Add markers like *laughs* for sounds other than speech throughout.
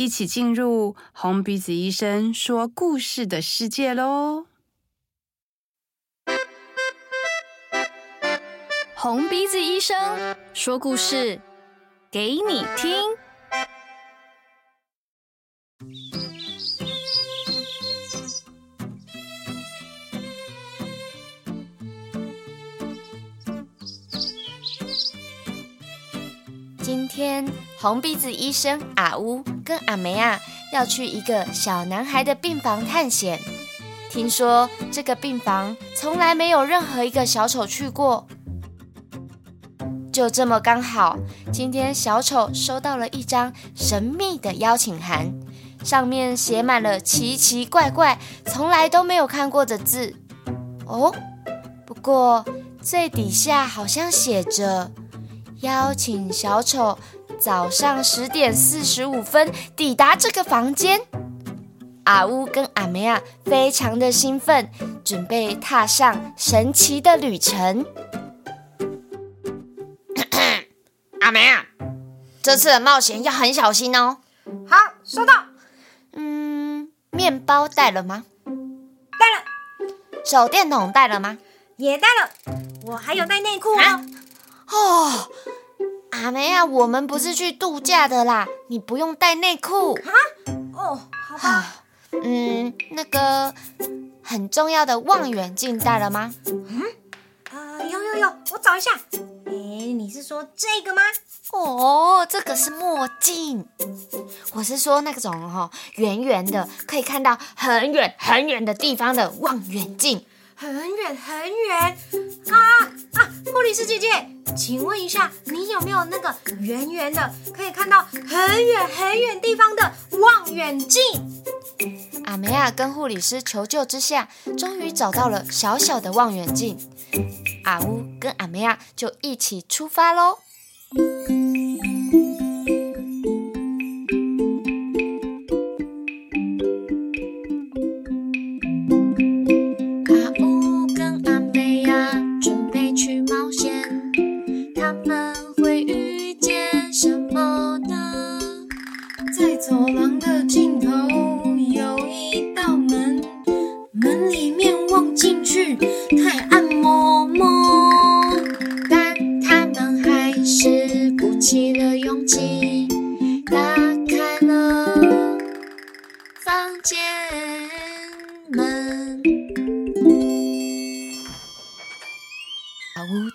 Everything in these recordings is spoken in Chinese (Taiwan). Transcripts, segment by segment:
一起進入紅鼻子醫生說故事的世界嘍！紅鼻子醫生說故事給你聽。今天紅鼻子醫生啊嗚，跟阿妹啊要去一個小男孩的病房探險，聽說這個病房從來沒有任何一個小丑去過。就這麼剛好，今天小丑收到了一張神秘的邀請函，上面寫滿了奇奇怪怪、從來都沒有看過的字。哦，不過最底下好像寫着邀請小丑，早上十點四十五分抵達這個房間，啊嗚跟阿妹仔、啊、非常的興奮，準備踏上神奇的旅程。咳咳，阿妹仔，這次的冒險要很小心哦。好，收到。嗯，麵包帶了嗎？帶了。手電筒帶了嗎？也帶了。我還有帶內褲哦。啊哦阿妹啊，我們不是去度假的啦，你不用帶內褲。啊？哦，好好、啊。嗯，那個很重要的望遠鏡帶了嗎？嗯？啊、呃，有有有，我找一下。哎，你是說這個嗎？哦，這個是墨鏡。我是說那種哈、哦、圓圓的，可以看到很遠很遠的地方的望遠鏡。很遠很遠啊？啊！護、啊、理師姐姐，請問一下，你有沒有那個圓圓的，可以看到很遠很遠地方的望遠鏡？阿妹仔、啊、跟護理師求救之下，終於找到了小小的望遠鏡。啊嗚跟阿妹仔、啊、就一起出發嘍。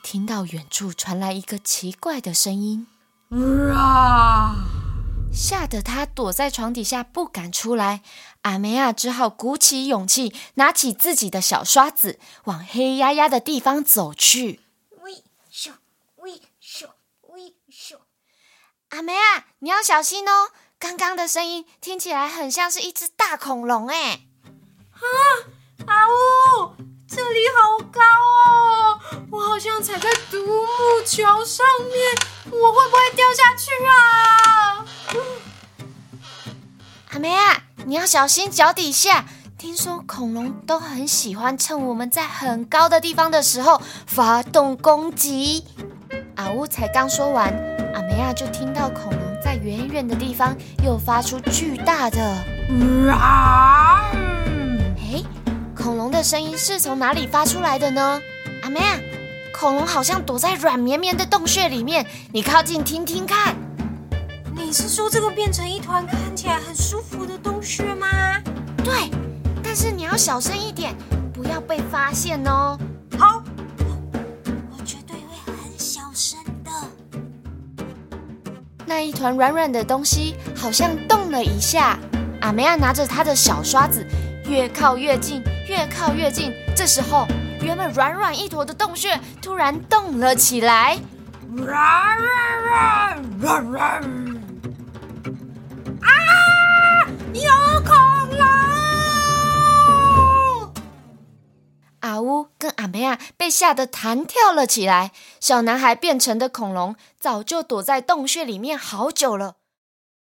聽到遠處傳來一個奇怪的聲音，嚇得他躲在床底下不敢出來。阿妹仔、啊、只好鼓起勇氣，拿起自己的小刷子，往黑壓壓的地方走去。喂咻，喂咻，喂咻，阿妹仔，你要小心哦！剛剛的聲音聽起來很像是一隻大恐龍哎！啊，啊嗚，這裡。踩在獨木橋上面，我會不會掉下去啊？嗯、阿妹啊，你要小心腳底下。聽說恐龍都很喜歡趁我們在很高的地方的時候發動攻擊。啊嗚才剛說完，阿妹啊就聽到恐龍在遠遠的地方又發出巨大的“哇！”哎、嗯，恐龍的聲音是從哪裡發出來的呢？阿妹啊。恐龍好像躲在軟綿綿的洞穴裡面，你靠近聽聽看。你是說這個變成一團看起來很舒服的東西嗎？對，但是你要小聲一點，不要被發現哦。好我，我絕對會很小聲的。那一團軟軟的東西好像動了一下。阿妹仔拿着他的小刷子，越靠越近，越靠越近。這時候，原本軟軟一坨的洞穴突然動了起來，啊啊，啊！有恐龍！啊嗚跟阿妹仔、啊、被嚇得彈跳了起來。小男孩變成的恐龍早就躲在洞穴裡面好久了，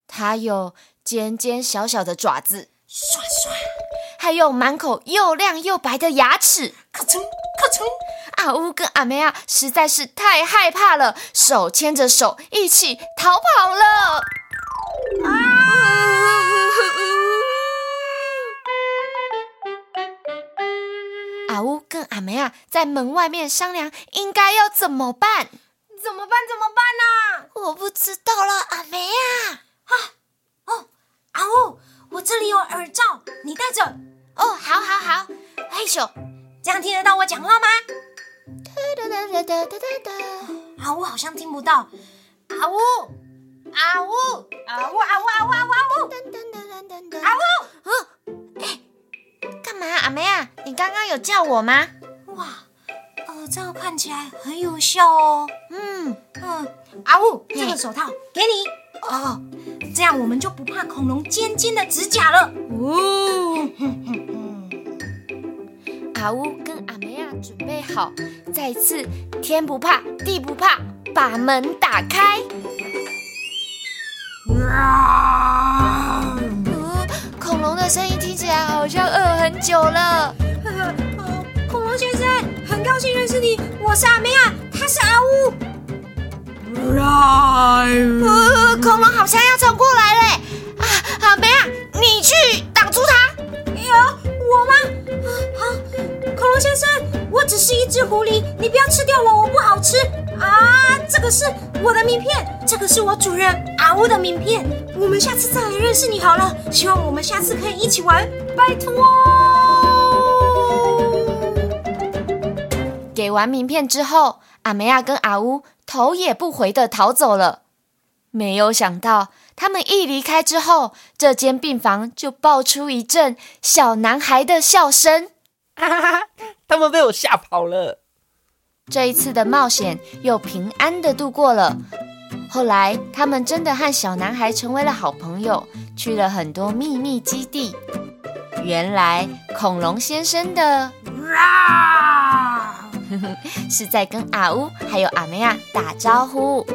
它有尖尖小小的爪子，帥帥。他用滿口又亮又白的牙齒，咔嚓咔嚓！啊嗚跟阿妹仔，實在是太害怕了，手牽着手一起逃跑了。啊嗚跟阿妹仔，在門外面商量應該要怎麼辦？怎麼辦？怎麼辦呢、啊？我不知道了，阿妹仔！啊，哦，啊嗚，我這裡有耳罩，你戴着。哦，好，好，好，嘿咻，這樣聽得到我講話嗎？啊，我好像聽不到。阿嗚，阿嗚，阿嗚，阿嗚，阿嗚，阿嗚，阿嗚，欸，幹嘛，阿妹啊？你剛剛有叫我嗎？哇，哦、呃、這樣看起來很有效哦。嗯嗯、呃，阿嗚，嘿，這個手套給你。哦。哦這樣我們就不怕恐龍尖尖的指甲了。嗚、哦。呵呵呵，啊嗚跟阿妹仔準備好，再次天不怕地不怕，把門打開。啊、哦！恐龍的聲音聽起來好像餓很久了。恐龍先生，很高興認識你，我是阿妹仔，他是阿。只狐狸，你不要吃掉我，我不好吃啊！這個是我的名片，這個是我主人啊嗚的名片。我們下次再來認識你好了，希望我們下次可以一起玩，拜託哦！給完名片之後，阿妹仔、啊、跟啊嗚頭也不回地逃走了。沒有想到，他們一離開之後，這間病房就爆出一陣小男孩的笑聲，啊、哈哈哈。他們被我嚇跑了。這一次的冒險又平安地度過了。後來，他們真的和小男孩成為了好朋友，去了很多秘密基地。原來，恐龍先生的“啊、 *laughs* 是在跟啊嗚還有阿妹仔、啊、打招呼。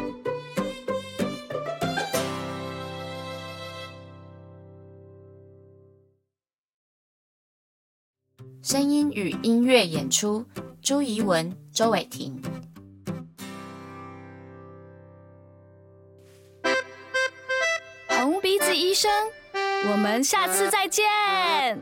聲音與音樂演出，朱怡文、周韋廷。紅鼻子醫生，我們下次再見。